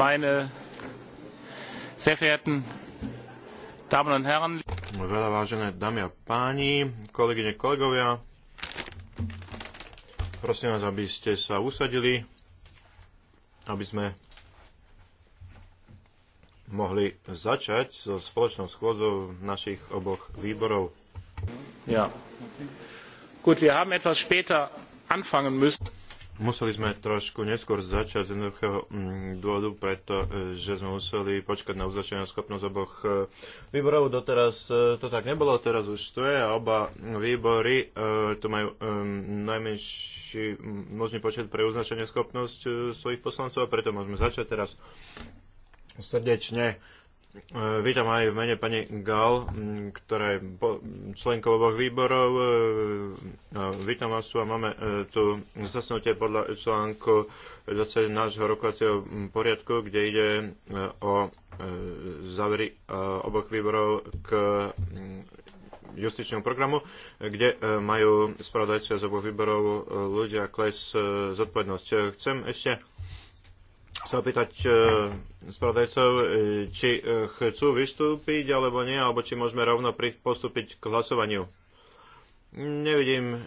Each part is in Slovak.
meine sehr verehrten Damen und Herren. Veľa vážené dámy a páni, kolegyne, kolegovia, prosím vás, aby ste sa usadili, aby sme mohli začať so spoločnou schôdzou našich oboch výborov. Ja. Gut, wir haben etwas später anfangen müssen. Museli sme trošku neskôr začať z jednoduchého mm, dôvodu, pretože sme museli počkať na uzačenia schopnosť oboch e, výborov. Doteraz e, to tak nebolo, teraz už to je a oba výbory e, tu majú najmenší možný počet pre uznačenie schopnosť svojich poslancov a preto môžeme začať teraz srdečne E, vítam aj v mene pani Gal, ktorá je členkou oboch výborov. E, e, vítam vás tu a máme tu zasnutie podľa článku 20 nášho rokovacieho poriadku, kde ide o závery oboch výborov k justičnému programu, kde majú spravodajcia z oboch výborov ľudia kles zodpovednosť. Chcem ešte sa opýtať e, spravodajcov, e, či e, chcú vystúpiť alebo nie, alebo či môžeme rovno postúpiť k hlasovaniu. Nevidím,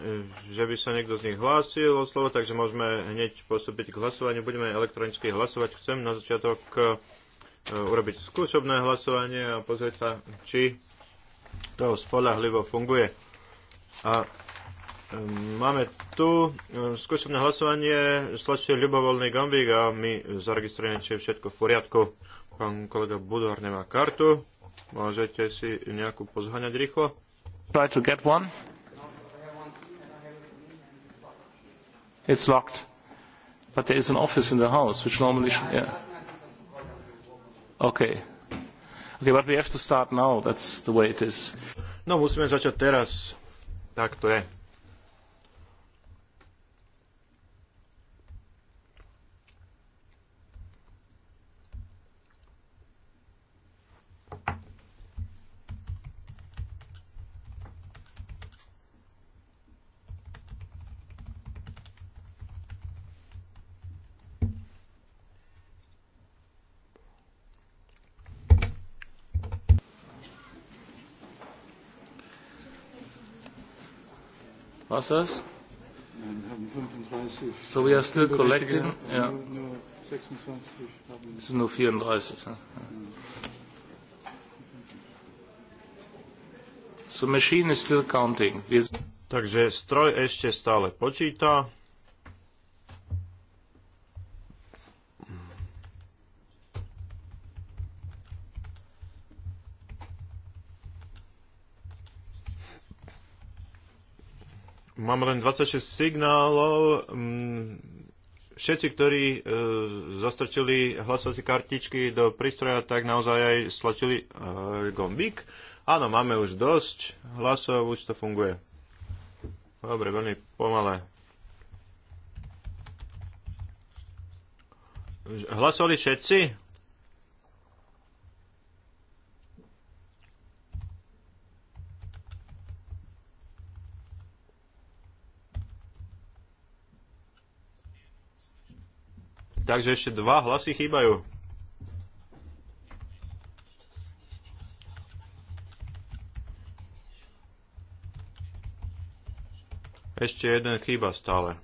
že by sa niekto z nich hlásil o slovo, takže môžeme hneď postúpiť k hlasovaniu. Budeme elektronicky hlasovať. Chcem na začiatok urobiť skúšobné hlasovanie a pozrieť sa, či to spolahlivo funguje. A Máme tu e, skúšobné hlasovanie, stlačte ľubovoľný gambík a my zaregistrujeme, či je všetko v poriadku. Pán kolega Budvar nemá kartu. Môžete si nejakú pozhaňať rýchlo? Try to get one. It's locked. But there is an office in the house, which normally should... Yeah. Okay. Okay, but we have to start now. That's the way it is. No, musíme začať teraz. Tak to je. Was das? So we are still collecting. Ja. Es sind nur 34. Ne? So machine is still counting. Takže stroj ešte stále počíta. Mám len 26 signálov. Mm, všetci, ktorí e, zastrčili hlasovacie kartičky do prístroja, tak naozaj aj stlačili e, gombík. Áno, máme už dosť hlasov, už to funguje. Dobre, veľmi pomalé. Hlasovali všetci? Takže ešte dva hlasy chýbajú. Ešte jeden chýba stále.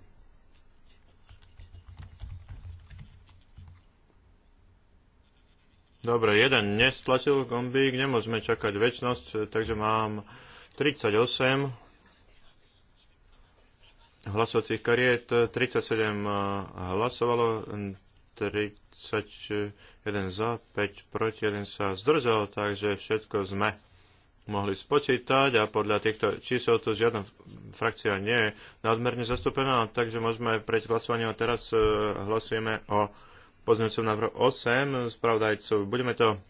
Dobre, jeden nestlačil gombík, nemôžeme čakať väčnosť, takže mám 38 hlasovacích kariet. 37 eh, eh, hlasovalo, 31 hm, za, 5 proti, 1 sa zdržal, takže všetko sme mohli spočítať a podľa týchto čísel to žiadna frakcia nie je nadmerne zastúpená, takže môžeme prejsť k hlasovaniu a teraz eh, hlasujeme o pozmeňujúcom návrhu 8 spravodajcov. Budeme to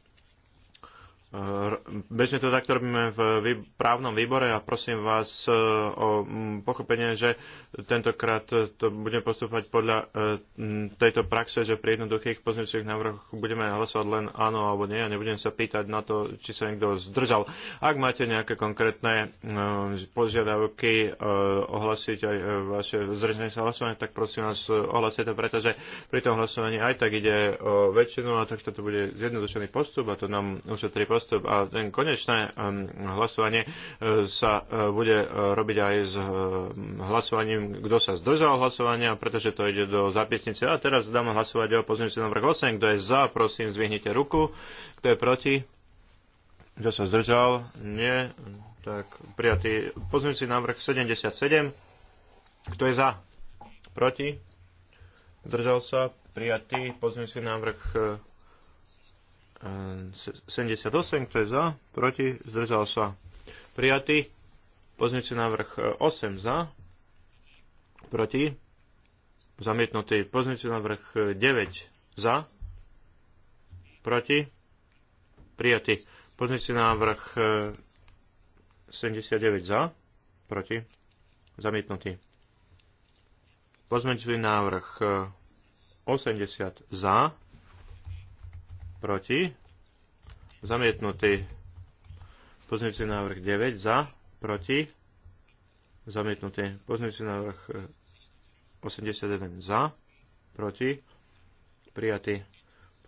Bežne to tak robíme v právnom výbore a prosím vás e, o pochopenie, že tentokrát to budeme postupovať podľa e, tejto praxe, že pri jednoduchých pozmeňujúcich návrhoch budeme hlasovať len áno alebo nie a nebudem sa pýtať na to, či sa niekto zdržal. Ak máte nejaké konkrétne e, požiadavky ohlasiť aj vaše zrežené sa hlasovanie, tak prosím vás ohlasiť to, pretože pri tom hlasovaní aj tak ide o väčšinu a takto to bude zjednodušený postup a to nám ušetrí postup postup. A ten konečné hlasovanie e, sa e, bude e, robiť aj s hlasovaním, kto sa zdržal hlasovania, pretože to ide do zápisnice. A teraz dám hlasovať o pozmeňujúci návrh 8. Kto je za, prosím, zvihnite ruku. Kto je proti? Kto sa zdržal? Nie. Tak prijatý pozmeňujúci návrh 77. Kto je za? Proti? Zdržal sa? Prijatý pozmeňujúci návrh 78, kto je za, proti, zdržal sa. Prijatý. Pozmeňujúci návrh 8 e, za, proti, zamietnutý. Pozmeňujúci návrh 9 e, za, proti, prijatý. Pozmeňujúci návrh 79 e, za, proti, zamietnutý. Pozmeňujúci návrh 80 za, proti, zamietnutý. Pozmeňujúci návrh 9 za, proti, zamietnutý. Pozmeňujúci návrh 81 eh, za, proti, prijatý.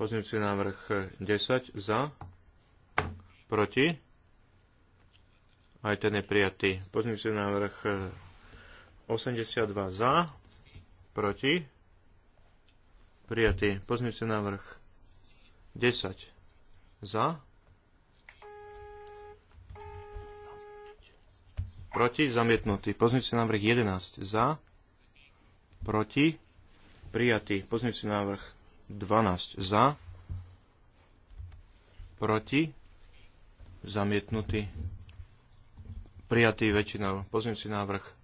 Pozmeňujúci návrh 10 eh, za, proti, aj ten je prijatý. Pozmeňujúci návrh 82 eh, za, proti, prijatý. Pozmeňujúci návrh 10 za, proti, zamietnutý. Pozmeňujúci návrh 11 za, proti, prijatý. Pozmeňujúci návrh 12 za, proti, zamietnutý. Prijatý väčšinou. Pozmeňujúci návrh 11.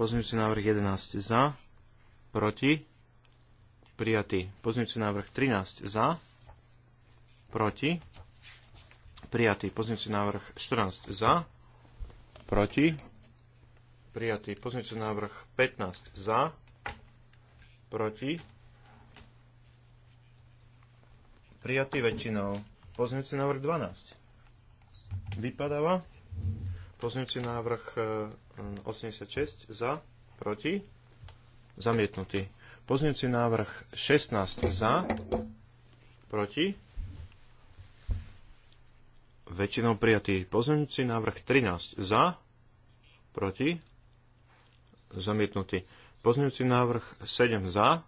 Pozmeňujúci návrh 11 za, proti, prijatý. Pozmeňujúci návrh 13 za, proti, prijatý. Pozmeňujúci návrh 14 za, proti, prijatý. Pozmeňujúci návrh 15 za, proti, prijatý väčšinou. Pozmeňujúci návrh 12 vypadáva. Pozmeňujúci návrh 86 eh, za, proti, zamietnutý. Pozniemci návrh 16 za, proti, väčšinou prijatý. pozniemci návrh 13 za, proti, zamietnutý. Pozniemci návrh 7 za,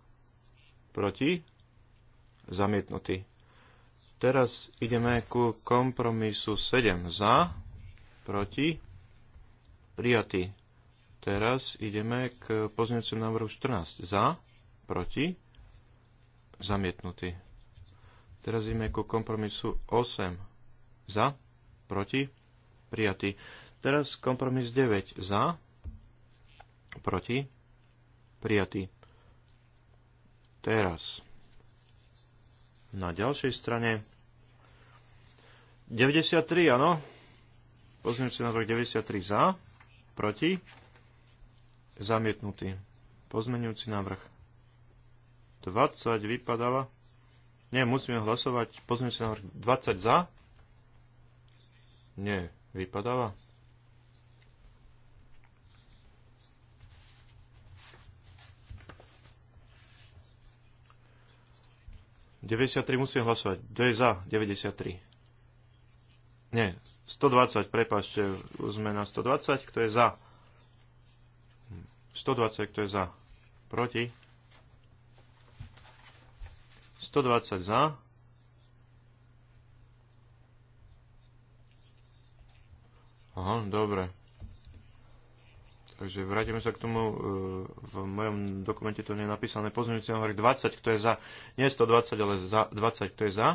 proti, zamietnutý. Teraz ideme ku kompromisu 7 za, proti, prijatý. Teraz ideme k pozňujúcemu návrhu 14. Za, proti, zamietnutý. Teraz ideme ku kompromisu 8. Za, proti, prijatý. Teraz kompromis 9. Za, proti, prijatý. Teraz na ďalšej strane 93, áno. si na 93 za, proti, Zamietnutý. Pozmenujúci návrh. 20 vypadáva. Nie, musíme hlasovať. Pozmenujúci návrh 20 za. Nie, vypadáva. tri musíme hlasovať. Kto je za? 93. Nie, 120, prepačte, sme na 120, kto je za? 120, kto je za? Proti? 120 za. Aha, dobre. Takže vrátime sa k tomu, e, v mojom dokumente to nie je napísané, pozmeňujúci návrh 20, kto je za, nie 120, ale za 20, kto je za,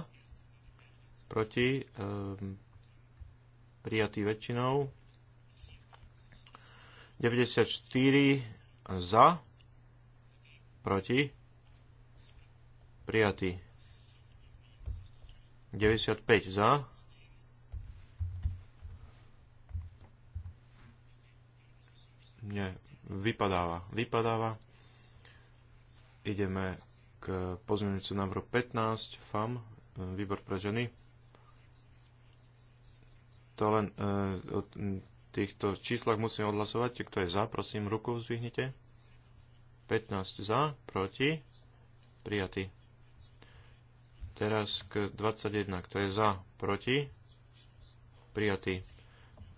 proti, ehm, prijatý väčšinou. 94 za, proti, prijatý. 95 za, nie, vypadáva, vypadáva. Ideme k pozmeňujúcu návru 15, FAM, výbor pre ženy. To len e, týchto číslach musíme odhlasovať. Kto je za, prosím, ruku zvihnite. 15 za, proti, prijatý. Teraz k 21. Kto je za, proti, prijatý.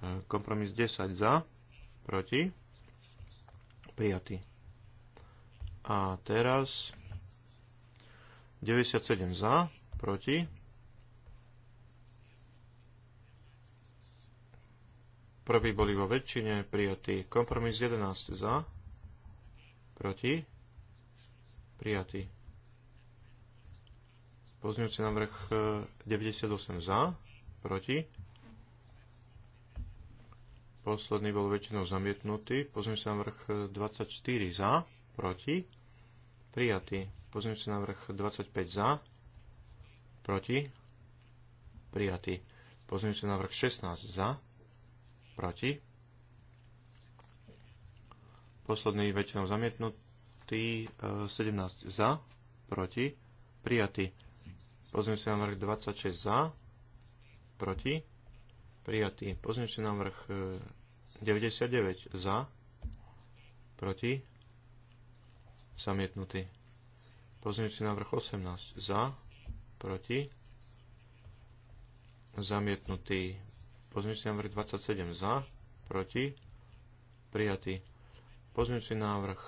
E, kompromis 10 za, proti, prijatý. A teraz 97 za, proti, Prvý boli vo väčšine prijatý. Kompromis 11 za. Proti. Prijatý. Pozňujúci návrh 98 e, za. Proti. Posledný bol väčšinou zamietnutý. Pozňujúci návrh 24 e, za. Proti. Prijatý. Pozňujúci návrh 25 za. Proti. Prijatý. Pozňujúci návrh 16 za proti. Posledný väčšinou zamietnutý, 17 e, za, proti, prijatý. si návrh 26 za, proti, prijatý. si návrh 99 za, proti, zamietnutý. si návrh 18 za, proti, zamietnutý. Pozmeňujúci návrh 27 za, proti, prijatý. Pozmeňujúci návrh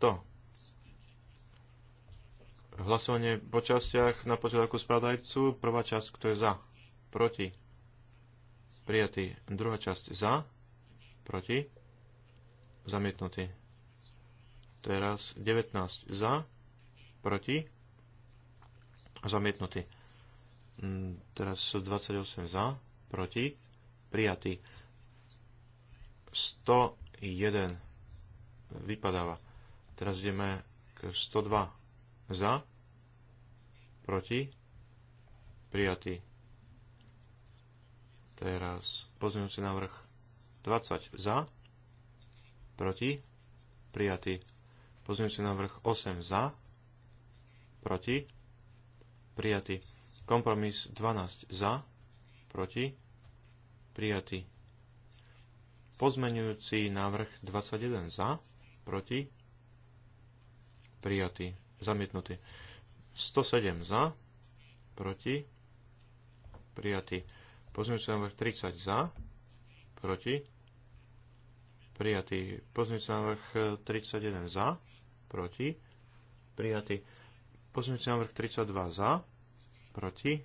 100. Hlasovanie po častiach na požiadavku spravodajcu. Prvá časť, kto je za, proti, prijatý. Druhá časť za, proti, zamietnutý. Teraz 19 za, proti, zamietnutý. Mm, teraz 28 za, proti, prijatý. 101 vypadáva. Teraz ideme k 102 za, proti, prijatý. Teraz pozmeňujúci návrh 20 za, proti, prijatý. Pozmeňujúci návrh 8 za, proti, prijatý. Kompromis 12 za, proti, prijatý. Pozmenujúci návrh 21 za, proti, prijatý, zamietnutý. 107 za, proti, prijatý. Pozmenujúci návrh 30 za, proti, prijatý. Pozmenujúci návrh 31 za, proti, prijatý. Pozmenujúci návrh 32 za, proti,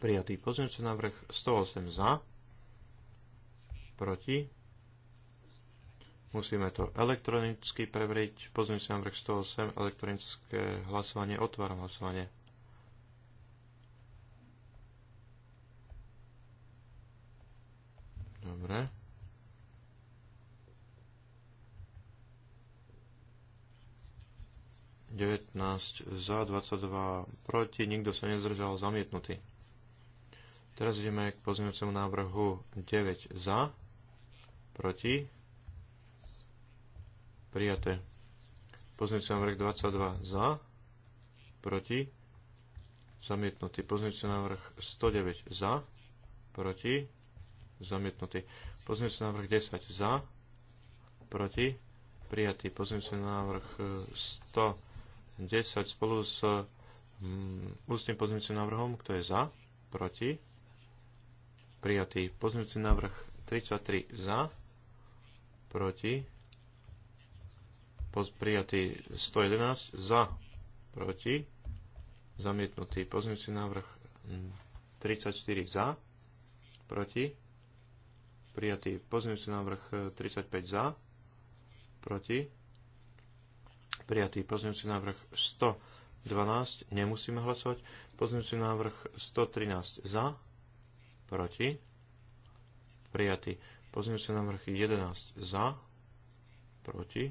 Prijatý pozmeňujúci návrh 108 za. Proti. Musíme to elektronicky preveriť. Pozmeňujúci návrh 108, elektronické hlasovanie. Otváram hlasovanie. Dobre. Devätnásť za, 22 proti, nikto sa nezdržal, zamietnutý. Teraz ideme k pozmeňujúcemu návrhu 9 za, proti, prijaté. Pozmeňujúci návrh 22 za, proti, zamietnutý. Pozmeňujúci návrh 109 za, proti, zamietnutý. Pozmeňujúci návrh 10 za, proti, prijatý. Pozmeňujúci návrh 110 e, spolu s mm, ústnym pozmeňujúcim návrhom, kto je za, proti, prijatý. Pozmeňujúci návrh 33 za, proti, prijatý 111 za, proti, zamietnutý. Pozmeňujúci návrh 34 mm, za, proti, prijatý. Pozmeňujúci návrh 35 e, za, proti, prijatý. Pozmeňujúci návrh 112, nemusíme hlasovať. Pozmeňujúci návrh 113 za, proti, prijatý. Pozmeňujúci návrh 11 za, proti,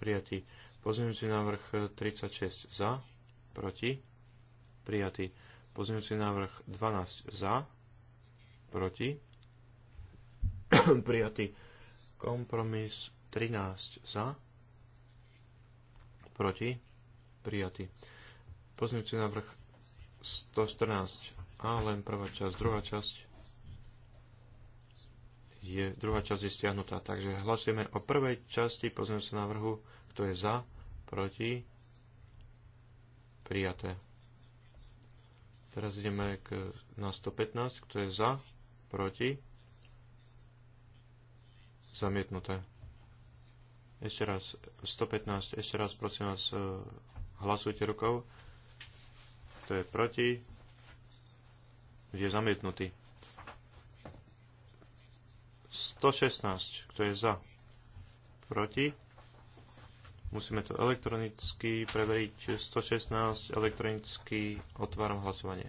prijatý. Pozmeňujúci návrh 36 za, proti, prijatý. Pozmeňujúci návrh 12 za, proti, prijatý. Kompromis 13 za, proti, prijatý. Pozmeňujúci návrh 114 a len prvá časť, druhá časť je, druhá časť je stiahnutá. Takže hlasujeme o prvej časti pozmeňujúceho návrhu, kto je za, proti, prijaté. Teraz ideme k, na 115, kto je za, proti, zamietnuté. Ešte raz, 115, ešte raz prosím vás, e, hlasujte rukou. Kto je proti, je zamietnutý. 116, kto je za, proti. Musíme to elektronicky preveriť. 116, elektronicky otváram hlasovanie.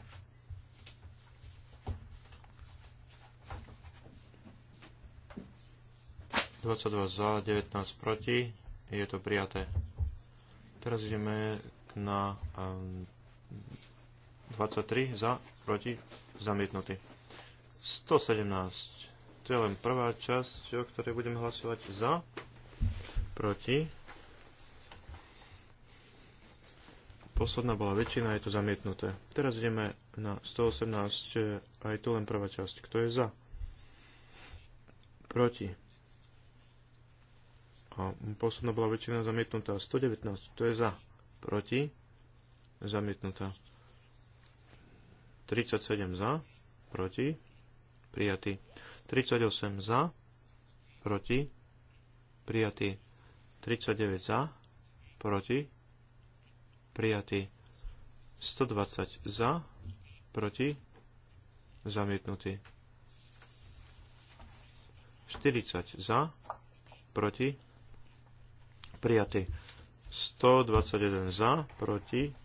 Dvadsaťdva za, 19 proti. Je to prijaté. Teraz ideme na um, 23 za, proti, zamietnutý. 117. To je len prvá časť, o ktorej budeme hlasovať za, proti. Posledná bola väčšina, je to zamietnuté. Teraz ideme na 118, aj tu len prvá časť. Kto je za? Proti. A posledná bola väčšina zamietnutá. 119, kto je za? Proti. Zamietnutá. 37 za, proti, prijatý. 38 za, proti, prijatý. 39 za, proti, prijatý. 120 za, proti, zamietnutý. 40 za, proti, prijatý. 121 za, proti,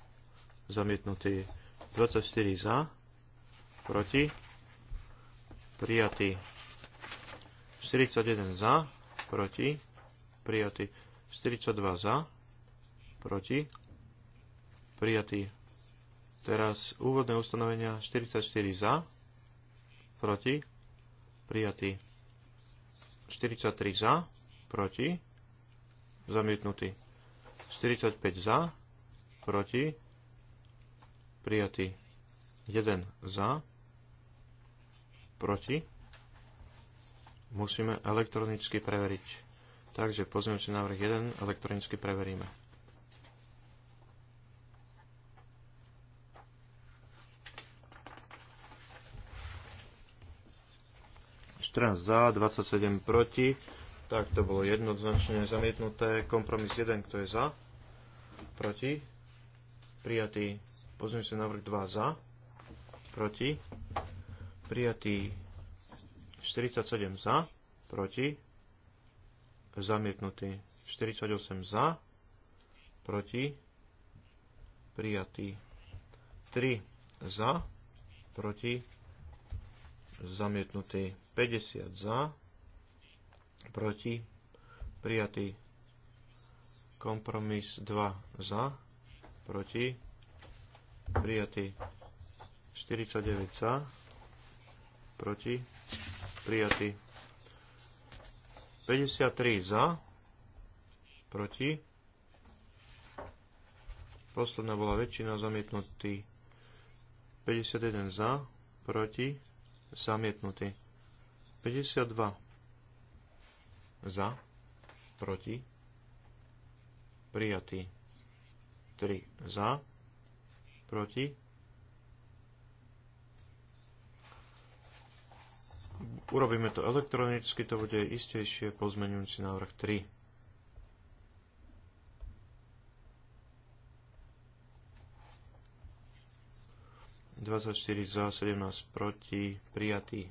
zamietnutý. 24 za, proti, prijatý. 41 za, proti, prijatý. 42 za, proti, prijatý. Teraz úvodné ustanovenia 44 za, proti, prijatý. 43 za, proti, zamietnutý. 45 za, proti, prijatý 1 za, proti, musíme elektronicky preveriť. Takže si návrh 1 elektronicky preveríme. za, 27 proti, tak to bolo jednoznačne zamietnuté. Kompromis 1, kto je za, proti, prijatý. Pozmeňujúci návrh 2 za, proti, prijatý 47 za, proti, zamietnutý 48 za, proti, prijatý 3 za, proti, zamietnutý 50 za, proti, prijatý kompromis 2 za, proti, prijatý 49 za, proti, prijatý 53 za, proti, posledná bola väčšina zamietnutý 51 za, proti, zamietnutý 52 za, proti, prijatý 3 za, proti. Urobíme to elektronicky, to bude istejšie pozmenujúci návrh 3. ...24 za, 17 proti, prijatý.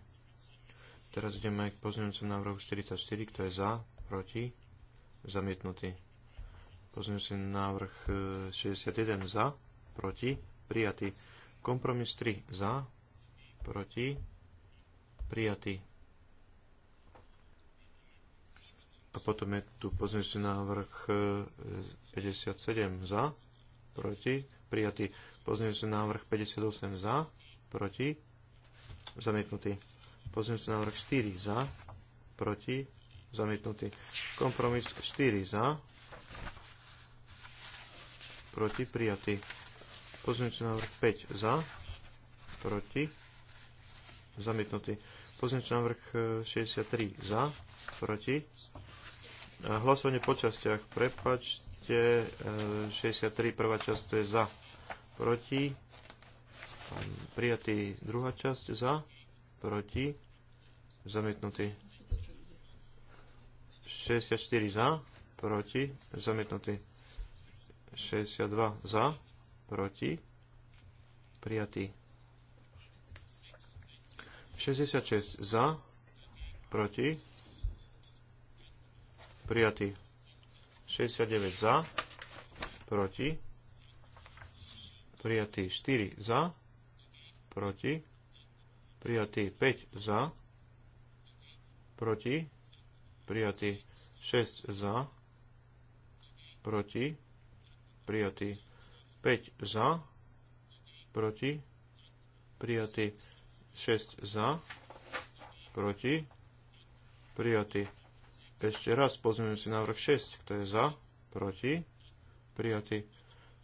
Teraz ideme k pozmeňujúcemu návrhu 44, kto je za, proti, zamietnutý. Pozmeňujúci návrh 61 e, za, proti, prijatý. Kompromis 3 za, proti, prijatý. A potom je tu pozmeňujúci návrh 57 e, za, proti, prijatý. Pozmeňujúci návrh 58 za, proti, zamietnutý. Pozmeňujúci návrh 4 za, proti, zamietnutý. Kompromis 4 za, proti, prijatý. Pozmeňujúci návrh 5 za, proti, zamietnutý. Pozmeňujúci návrh 63 e, za, proti. E, hlasovanie po častiach, prepačte, 63 e, prvá časť to je za, proti, prijatý druhá časť za, proti, zamietnutý. 64 za, proti, zamietnutý. 62 za, proti, prijatý. 66 za, proti, prijatý. 69 za, proti, prijatý. 4 za, proti, prijatý. 5 za, proti, prijatý. 6 za, proti, prijatý prijatý. 5 za, proti, prijatý. 6 za, proti, prijatý. Ešte raz si návrh 6, kto je za, proti, prijatý.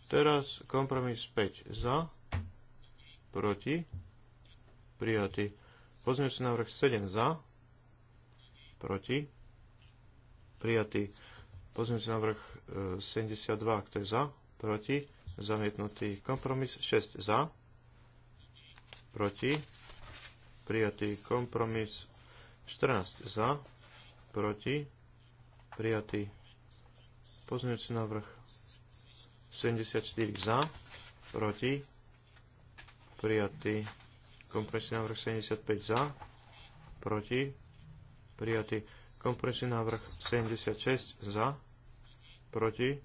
Teraz kompromis 5 za, proti, prijatý. si návrh 7 za, proti, prijatý. si návrh 72, kto je za, proti, zamietnutý. Kompromis 6 za, proti, prijatý. Kompromis 14 za, proti, prijatý. Pozmeňujúci návrh 74 za, proti, prijatý. kompromisný návrh 75 za, proti, prijatý. kompromisný návrh 76 za, proti,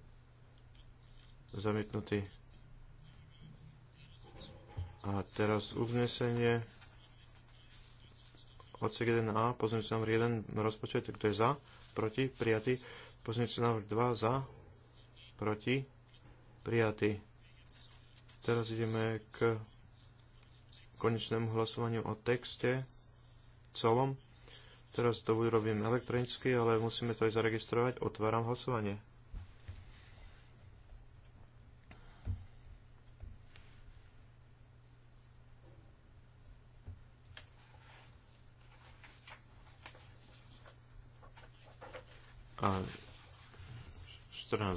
zamietnutý. A teraz uznesenie odsek 1a, pozmeňujúci návrh 1, rozpočet, kto je za, proti, prijatý, pozmeňujúci návrh 2, za, proti, prijatý. Teraz ideme k konečnému hlasovaniu o texte celom. Teraz to urobím elektronicky, ale musíme to aj zaregistrovať. Otváram hlasovanie.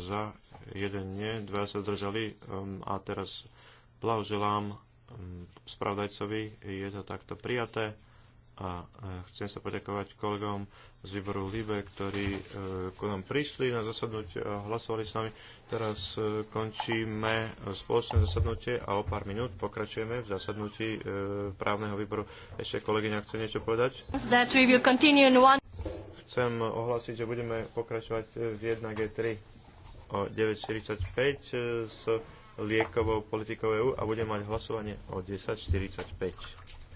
za, jeden nie, dva sa zdržali um, a teraz blahoželám um, spravdajcovi, je to takto prijaté a e, chcem sa poďakovať kolegom z výboru LIBE, ktorí e, ku nám prišli na zasadnutie a hlasovali s nami. Teraz e, končíme spoločné zasadnutie a o pár minút pokračujeme v zasadnutí právneho výboru. Ešte kolegyňa chce niečo povedať? Chcem ohlásiť, že budeme pokračovať v 1G3 o 9.45 e, s liekovou politikou EÚ a budeme mať hlasovanie o 10.45.